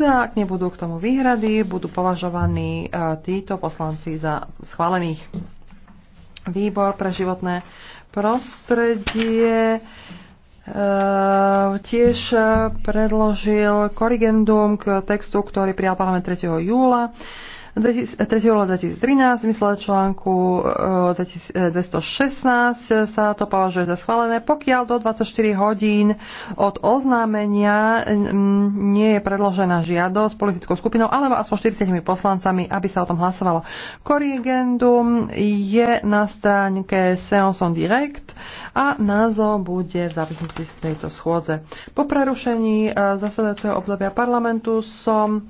Ak nebudú k tomu výhrady, budú považovaní e, títo poslanci za schválených. Výbor pre životné prostredie e, tiež predložil korigendum k textu, ktorý prijal parlament 3. júla. 3. júla 2013, zmysle článku 216 e, e, sa to považuje za schválené, pokiaľ do 24 hodín od oznámenia mm, nie je predložená žiadosť politickou skupinou alebo aspoň 40 poslancami, aby sa o tom hlasovalo. Korrigendum je na stránke Seanson Direct a názov bude v závislosti z tejto schôdze. Po prerušení e, zasadajúceho obdobia parlamentu som